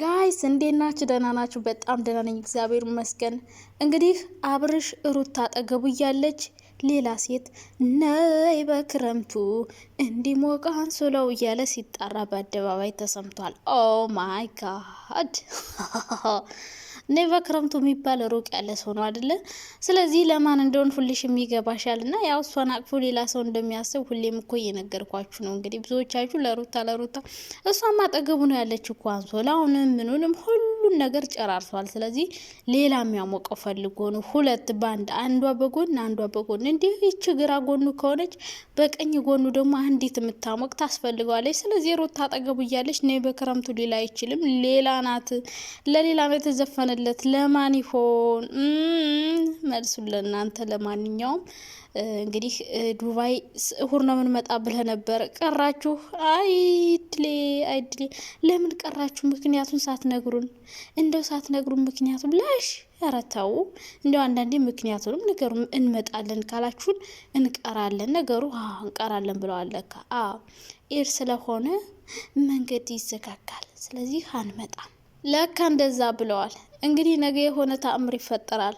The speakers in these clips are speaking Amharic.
ጋይስ እንዴት ናችሁ? ደህና ናችሁ? በጣም ደህና ነኝ፣ እግዚአብሔር ይመስገን። እንግዲህ አብርሽ ሩታ አጠገቡ እያለች ሌላ ሴት ነይ በክረምቱ እንዲሞቀ አንሶላው እያለ ሲጠራ በአደባባይ ተሰምቷል። ኦ ማይ ጋድ ኔቫ ክረምቱ የሚባል ሩቅ ያለ ሰው ነው አደለ? ስለዚህ ለማን እንደሆን ሁልሽ የሚገባሻል። እና ያው እሷን አቅፎ ሌላ ሰው እንደሚያስብ ሁሌም እኮ እየነገርኳችሁ ነው። እንግዲህ ብዙዎቻችሁ ለሩታ ለሩታ እሷም አጠገቡ ነው ያለች እኮ አንሶላውንም ምኑንም ሁሉ ሁሉም ነገር ጨራርሷል። ስለዚህ ሌላ የሚያሞቀው ፈልጎ ነው። ሁለት ባንድ፣ አንዷ በጎን አንዷ በጎን እንዲህ ይች ግራ ጎኑ ከሆነች በቀኝ ጎኑ ደግሞ አንዲት የምታሞቅ ታስፈልገዋለች። ስለዚህ ሩታ አጠገቡ እያለች እኔ በክረምቱ ሌላ አይችልም ሌላ ናት፣ ለሌላ ነው የተዘፈነለት። ለማን ይሆን መልሱ? ለእናንተ ለማንኛውም እንግዲህ ዱባይ እሁድ ነው የምንመጣ ብለህ ነበር ቀራችሁ። አይድሌ አይድሌ፣ ለምን ቀራችሁ? ምክንያቱን ሳትነግሩን እንደው ሳትነግሩን ምክንያቱን ላሽ ያረታው እንደው አንዳንዴ ምክንያቱንም ነገሩ እንመጣለን ካላችሁን እንቀራለን ነገሩ እንቀራለን ብለዋል። ለካ ኤር ስለሆነ መንገድ ይዘጋጋል፣ ስለዚህ አንመጣም ለካ እንደዛ ብለዋል። እንግዲህ ነገ የሆነ ተአምር ይፈጠራል።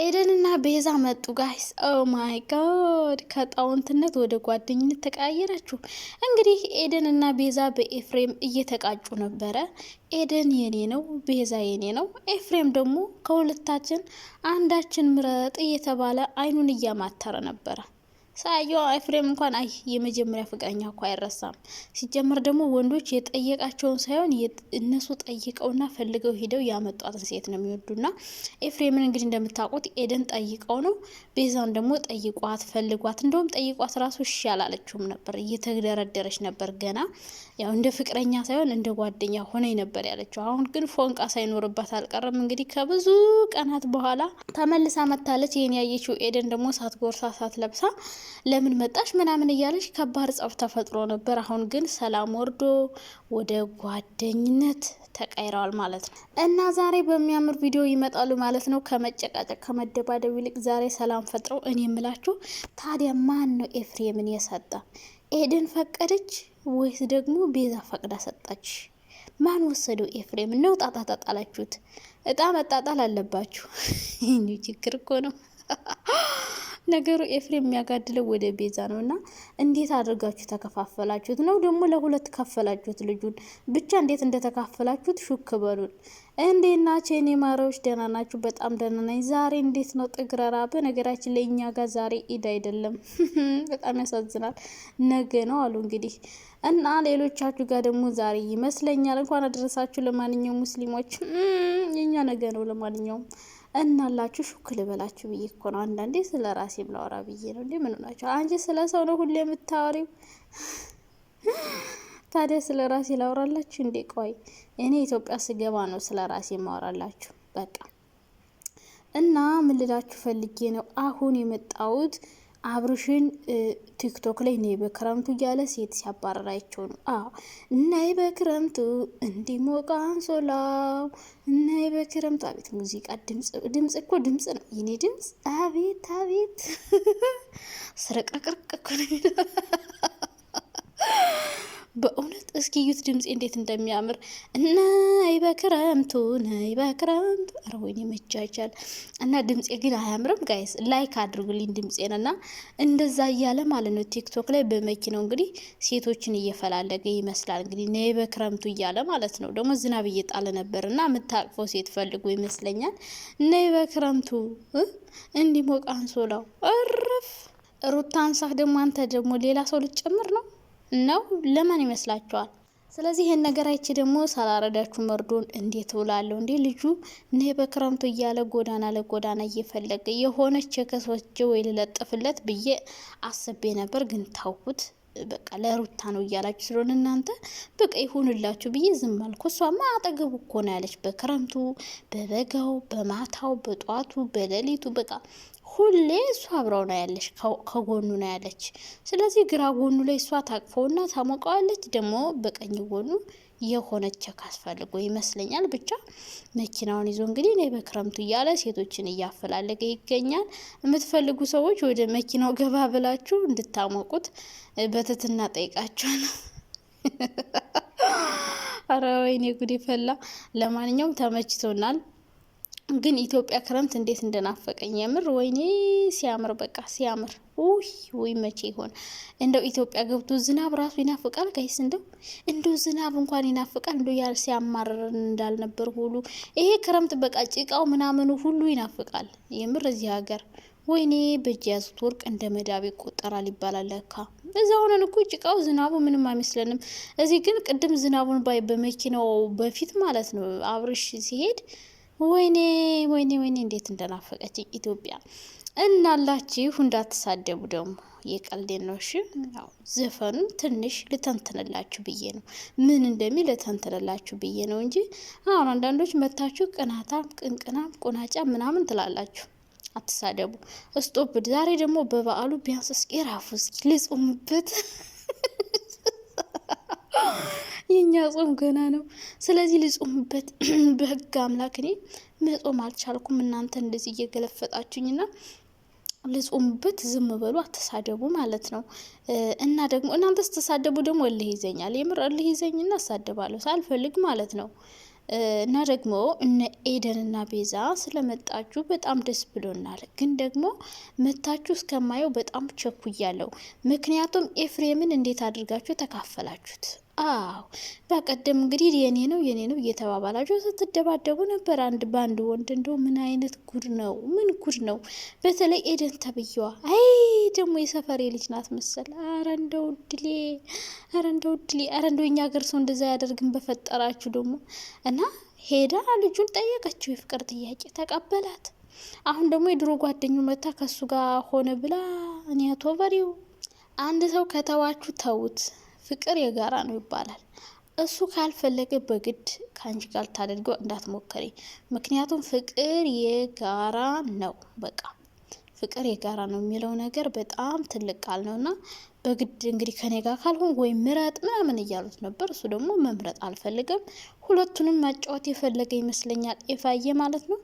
ኤደን እና ቤዛ መጡ። ጋይስ ኦ ማይ ጋድ ከጣውንትነት ወደ ጓደኝነት ተቀያየራችሁ። እንግዲህ ኤደን እና ቤዛ በኤፍሬም እየተቃጩ ነበረ። ኤደን የኔ ነው፣ ቤዛ የኔ ነው፣ ኤፍሬም ደግሞ ከሁለታችን አንዳችን ምረጥ እየተባለ አይኑን እያማተረ ነበረ። ሳያየው ኤፍሬም እንኳን አይ የመጀመሪያ ፍቅረኛ እኮ አይረሳም። ሲጀመር ደግሞ ወንዶች የጠየቃቸውን ሳይሆን እነሱ ጠይቀውና ፈልገው ሂደው ያመጧትን ሴት ነው የሚወዱና ኤፍሬምን እንግዲህ እንደምታውቁት ኤደን ጠይቀው ነው። ቤዛን ደግሞ ጠይቋት ፈልጓት፣ እንደውም ጠይቋት ራሱ እሺ አላለችውም ነበር። እየተደረደረች ነበር ገና ያው እንደ ፍቅረኛ ሳይሆን እንደ ጓደኛ ሆነኝ ነበር ያለችው። አሁን ግን ፎንቃ ሳይኖርባት አልቀረም። እንግዲህ ከብዙ ቀናት በኋላ ተመልሳ መታለች። ይህን ያየችው ኤደን ደግሞ ሳት ጎርሳ ሳት ለብሳ ለምን መጣሽ ምናምን እያለች ከባድ ጸብ ተፈጥሮ ነበር። አሁን ግን ሰላም ወርዶ ወደ ጓደኝነት ተቀይረዋል ማለት ነው። እና ዛሬ በሚያምር ቪዲዮ ይመጣሉ ማለት ነው። ከመጨቃጨቅ ከመደባደብ ይልቅ ዛሬ ሰላም ፈጥረው እኔ የምላችሁ ታዲያ ማን ነው ኤፍሬምን የሰጠ? ኤደን ፈቀደች ወይስ ደግሞ ቤዛ ፈቅዳ ሰጣች? ማን ወሰደው? ኤፍሬም ነው ጣጣ ጣጣላችሁት? እጣ መጣጣል አለባችሁ። ይህ ችግር እኮ ነው። ነገሩ ኤፍሬም የሚያጋድለው ወደ ቤዛ ነው እና እንዴት አድርጋችሁ ተከፋፈላችሁት? ነው ደግሞ ለሁለት ከፈላችሁት ልጁን ብቻ እንዴት እንደተካፈላችሁት ሹክ በሉን። እንዴት ናቸው የኔ ማሪዎች? ደህና ናችሁ? በጣም ደህና ነኝ። ዛሬ እንዴት ነው ጥግረራ? በነገራችን ለእኛ ጋር ዛሬ ኢድ አይደለም። በጣም ያሳዝናል። ነገ ነው አሉ እንግዲህ እና ሌሎቻችሁ ጋር ደግሞ ዛሬ ይመስለኛል። እንኳን አደረሳችሁ። ለማንኛውም ሙስሊሞች የእኛ ነገ ነው። ለማንኛውም እናላችሁ ሹክ ልበላችሁ ብዬ እኮ ነው። አንዳንዴ ስለ ራሴም ላወራ ብዬ ነው። እንዴ ምን ናቸው? አንቺ ስለ ሰው ነው ሁሌ የምታወሪው። ታዲያ ስለ ራሴ ላውራላችሁ እንዴ? ቆይ እኔ ኢትዮጵያ ስገባ ነው ስለ ራሴ ማወራላችሁ። በቃ እና ምን ልላችሁ ፈልጌ ነው አሁን የመጣሁት አብርሽን ቲክቶክ ላይ ነይ በክረምቱ እያለ ሴት ሲያባረር ነው። አዎ ነይ በክረምቱ እንዲሞቃ አንሶላው በክረምቱ አቤት ሙዚቃ ድምጽ እኮ ድምፅ ነው። የኔ ድምፅ አቤት አቤት ስረቅርቅርቅ እኮ ነው። በእውነት እስኪ ዩት ድምፄ እንዴት እንደሚያምር እና ይበክረምቱ ነይ በክረምቱ አርወኝ መቻቻል እና ድምፄ ግን አያምርም። ጋይስ ላይክ አድርጉልኝ ድምፄን እና እንደዛ እያለ ማለት ነው። ቲክቶክ ላይ በመኪናው እንግዲህ ሴቶችን እየፈላለገ ይመስላል እንግዲህ ነይ በክረምቱ እያለ ማለት ነው። ደግሞ ዝናብ እየጣለ ነበር እና የምታቅፈው ሴት ፈልጉ ይመስለኛል። ነይ በክረምቱ እንዲሞቅ አንሶላው እርፍ ሩታ አንሳህ ደግሞ አንተ ደግሞ ሌላ ሰው ልትጨምር ነው። ነው ለማን ይመስላችኋል? ስለዚህ ይህን ነገር አይቼ ደግሞ ሳላረዳችሁ መርዶን እንዴት ውላለሁ እንዴ? ልጁ እኔ በክረምቱ እያለ ጎዳና ለጎዳና እየፈለገ የሆነች የከሶች ወይ ልለጥፍለት ብዬ አስቤ ነበር፣ ግን ታውኩት በቃ ለሩታ ነው እያላችሁ ስለሆነ እናንተ በቃ ይሁንላችሁ ብዬ ዝም አልኩ። እሷማ አጠገቡ እኮ ነው ያለች፣ በክረምቱ፣ በበጋው፣ በማታው፣ በጧቱ፣ በሌሊቱ በቃ ሁሌ እሷ አብረው ነው ያለች፣ ከጎኑ ነው ያለች። ስለዚህ ግራ ጎኑ ላይ እሷ ታቅፈውና ታሞቀዋለች፣ ደግሞ በቀኝ ጎኑ የሆነች ካስፈልጎ ይመስለኛል። ብቻ መኪናውን ይዞ እንግዲህ እኔ በክረምቱ እያለ ሴቶችን እያፈላለገ ይገኛል። የምትፈልጉ ሰዎች ወደ መኪናው ገባ ብላችሁ እንድታሞቁት በትትና ጠይቃቸው ነው። አረ ወይኔ ጉድ ፈላ። ለማንኛውም ተመችቶናል። ግን ኢትዮጵያ ክረምት እንዴት እንደናፈቀኝ የምር ወይኔ ሲያምር በቃ ሲያምር ውይ ወይ መቼ ይሆን እንደው ኢትዮጵያ ገብቶ ዝናብ ራሱ ይናፍቃል ጋይስ እንደው እንደው ዝናብ እንኳን ይናፍቃል እንደው ያል ሲያማርር እንዳልነበር ሁሉ ይሄ ክረምት በቃ ጭቃው ምናምኑ ሁሉ ይናፍቃል የምር እዚህ ሀገር ወይኔ በእጅ ያዙት ወርቅ እንደ መዳብ ይቆጠራል ይባላል ለካ እዛ ሆነን እኮ ጭቃው ዝናቡ ምንም አይመስለንም እዚህ ግን ቅድም ዝናቡን ባይ በመኪናው በፊት ማለት ነው አብርሽ ሲሄድ ወይኔ ወይኔ ወይኔ እንዴት እንደናፈቀችኝ ኢትዮጵያ እናላችሁ። እንዳትሳደቡ ደግሞ የቀልዴን ነው እሺ። ያው ዘፈኑን ትንሽ ልተንትንላችሁ ብዬ ነው፣ ምን እንደሚል ልተንትንላችሁ ብዬ ነው እንጂ አሁን አንዳንዶች መታችሁ ቅናታም፣ ቅንቅናም፣ ቁናጫ ምናምን ትላላችሁ። አትሳደቡ፣ እስጦብድ። ዛሬ ደግሞ በበዓሉ ቢያንስ እስኪ ራፉ፣ እስኪ ልጹምበት የእኛ ጾም ገና ነው። ስለዚህ ልጾምበት በህግ አምላክ እኔ መጾም አልቻልኩም። እናንተ እንደዚህ እየገለፈጣችሁኝና ልጾምበት ዝም በሉ፣ አተሳደቡ ማለት ነው። እና ደግሞ እናንተ ስተሳደቡ ደግሞ እልህ ይዘኛል። የምር እልህ ይዘኝና አሳደባለሁ ሳልፈልግ ማለት ነው። እና ደግሞ እነ ኤደን እና ቤዛ ስለመጣችሁ በጣም ደስ ብሎናል። ግን ደግሞ መታችሁ እስከማየው በጣም ቸኩያለሁ። ምክንያቱም ኤፍሬምን እንዴት አድርጋችሁ ተካፈላችሁት? አዎ በቀደም እንግዲህ የኔ ነው የኔ ነው እየተባባላችሁ ስትደባደቡ ነበር። አንድ በአንድ ወንድ እንደው ምን አይነት ጉድ ነው? ምን ጉድ ነው? በተለይ ኤደን ተብዬዋ፣ አይ ደግሞ የሰፈሬ ልጅ ናት መሰል። አረ እንደው ድሌ፣ አረ አረ እኛ ሀገር ሰው እንደዛ ያደርግን በፈጠራችሁ። ደግሞ እና ሄዳ ልጁን ጠየቀችው የፍቅር ጥያቄ ተቀበላት። አሁን ደግሞ የድሮ ጓደኙ መታ ከእሱ ጋር ሆነ ብላ እኔ አቶ አንድ ሰው ከተዋችሁ ተውት ፍቅር የጋራ ነው ይባላል። እሱ ካልፈለገ በግድ ከአንቺ ጋር ልታደርገው እንዳትሞክሪ። ምክንያቱም ፍቅር የጋራ ነው። በቃ ፍቅር የጋራ ነው የሚለው ነገር በጣም ትልቅ ቃል ነው እና በግድ እንግዲህ ከኔ ጋር ካልሆን ወይ ምረጥ ምናምን እያሉት ነበር። እሱ ደግሞ መምረጥ አልፈልግም። ሁለቱንም ማጫወት የፈለገ ይመስለኛል ኤፋዬ ማለት ነው።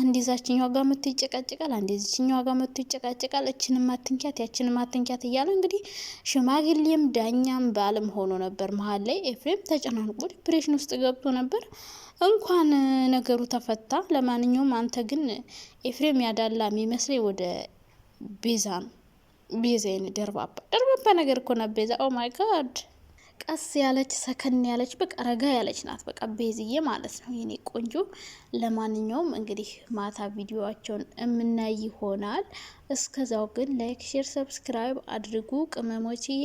አንዴ ዛችኛዋ ጋር መቶ ይጨቃጭቃል፣ አንዴ ዚችኛዋ ጋር መቶ ይጨቃጭቃል። እችን አትንኪያት፣ ያችን ማትንኪያት እያለ እንግዲህ ሽማግሌም ዳኛም ባልም ሆኖ ነበር። መሀል ላይ ኤፍሬም ተጨናንቆ ዲፕሬሽን ውስጥ ገብቶ ነበር። እንኳን ነገሩ ተፈታ። ለማንኛውም አንተ ግን ኤፍሬም ያዳላ የሚመስለኝ ወደ ቤዛ ነው ቤዛዬን ደርባባ ደርባባ ነገር እኮ ናት ቤዛ። ኦ ማይ ጋድ ቀስ ያለች ሰከን ያለች በቃ ረጋ ያለች ናት። በቃ ቤዝዬ ማለት ነው የኔ ቆንጆ። ለማንኛውም እንግዲህ ማታ ቪዲዮቸውን የምናይ ይሆናል። እስከዛው ግን ላይክ፣ ሼር፣ ሰብስክራይብ አድርጉ። ቅመሞችዬ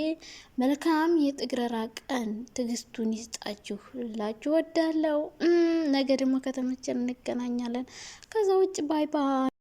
መልካም የጥግረራ ቀን ትዕግስቱን ይስጣችሁ ላችሁ ወዳለው። ነገ ደግሞ ከተመቸን እንገናኛለን። ከዛ ውጭ ባይ ባይ።